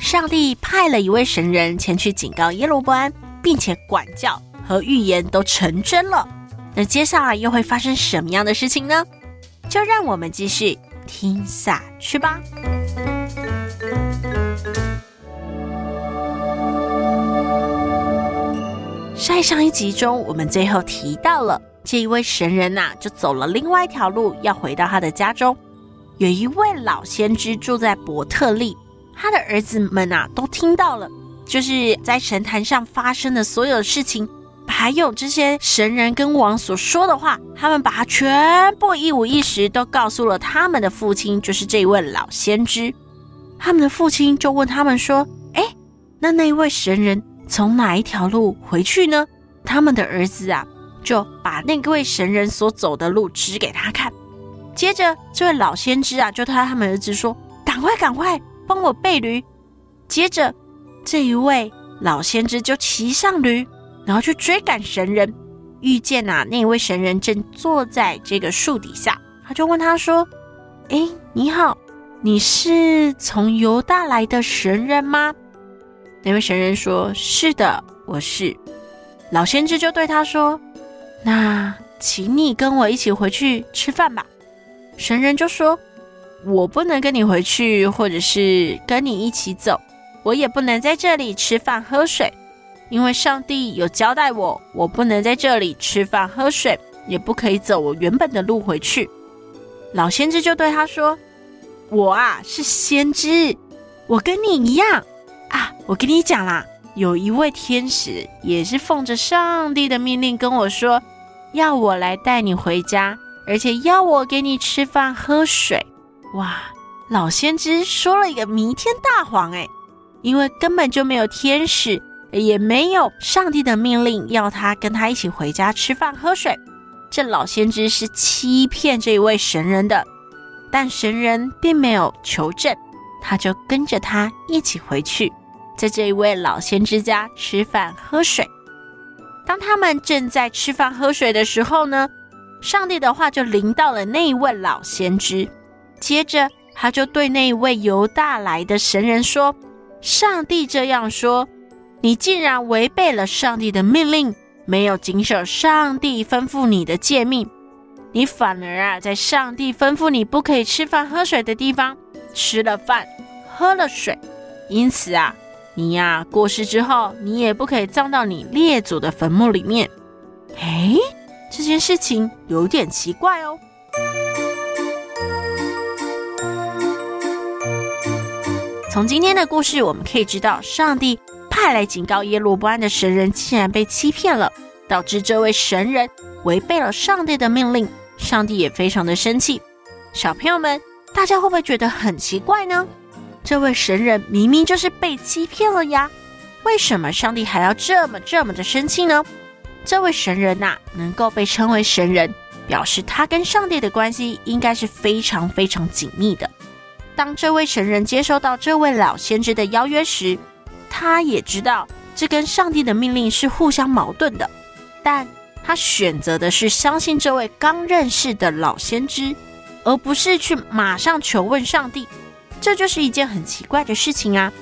上帝派了一位神人前去警告耶羅波安，並且管教和預言都成真了。那接下來又會發生什麼樣的事情呢？就讓我們繼續聽下去吧。在上，上一集中，我們最後提到了這一位神人吶、啊，就走了另外一條路，要回到他的家中。有一位老先知住在伯特利。他的兒子們啊，都聽到了，就是在神壇上發生的所有事情，還有這些神人跟王所說的話，他們把他全部一五一十都告訴了他們的父親，就是這位老先知。他們的父親就問他們說：“哎，那那位神人從哪一條路回去呢？”他們的兒子啊，就把那個位神人所走的路指給他看。接着，這位老先知啊，就他他們兒子說：“趕快，趕快！”幫我背驢，接着這一位老先知就騎上驢，然後去追趕神人。遇見啊，那位神人正坐在這個樹底下，他就問他說：“哎、欸，你好，你是從猶大來的神人嗎？”那位神人說：“是的，我是。”老先知就對他說：“那請你跟我一起回去吃飯吧。”神人就說。我不能跟你回去，或者是跟你一起走，我也不能在這裡吃飯喝水，因為上帝有交代我，我不能在這裡吃飯喝水，也不可以走我原本的路回去。老先知就對他說：“我啊，是先知，我跟你一樣啊。我跟你講啦，有一位天使也是奉着上帝的命令跟我說，要我來帶你回家，而且要我給你吃飯喝水。”哇，老先知說了一個彌天大謊哎，因為根本就沒有天使，也沒有上帝的命令要他跟他一起回家吃飯喝水。這老先知是欺騙這一位神人的，但神人並沒有求證，他就跟着他一起回去，在這一位老先知家吃飯喝水。當他們正在吃飯喝水的時候呢，上帝的話就臨到了那一位老先知。接着，他就對那位猶大來的神人說：“上帝這樣說，你竟然違背了上帝的命令，沒有謹守上帝吩咐你的誡命，你反而啊，在上帝吩咐你不可以吃飯喝水的地方吃了飯，喝了水，因此啊，你呀、啊、過世之後，你也不可以葬到你列祖的墳墓裡面。”哎，這件事情有點奇怪哦。從今天的故事，我們可以知道，上帝派來警告耶羅波安的神人竟然被欺騙了，導致這位神人違背了上帝的命令，上帝也非常的生氣。小朋友們，大家會不會覺得很奇怪呢？這位神人明明就是被欺騙了呀，為什麼上帝還要這麼這麼的生氣呢？這位神人吶、啊，能夠被稱為神人，表示他跟上帝的關係應該是非常非常緊密的。當這位神人接收到這位老先知的邀約時，他也知道這跟上帝的命令是互相矛盾的，但他選擇的是相信這位剛認識的老先知，而不是去馬上求問上帝。這就是一件很奇怪的事情啊！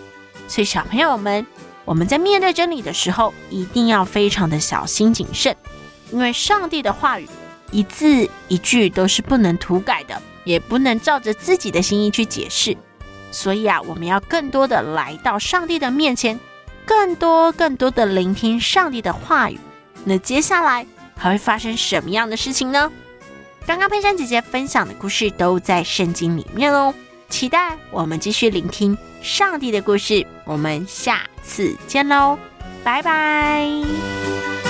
所以小朋友們，我們在面對真理的時候，一定要非常的小心謹慎，因為上帝的話語一字一句都是不能塗改的。也不能照着自己的心意去解釋，所以啊，我們要更多的來到上帝的面前，更多更多的聆聽上帝的話語。那接下來還會發生什麼樣的事情呢？剛剛佩珊姐姐分享的故事都在聖經裡面哦，期待我們繼續聆聽上帝的故事。我們下次見嘍，拜拜！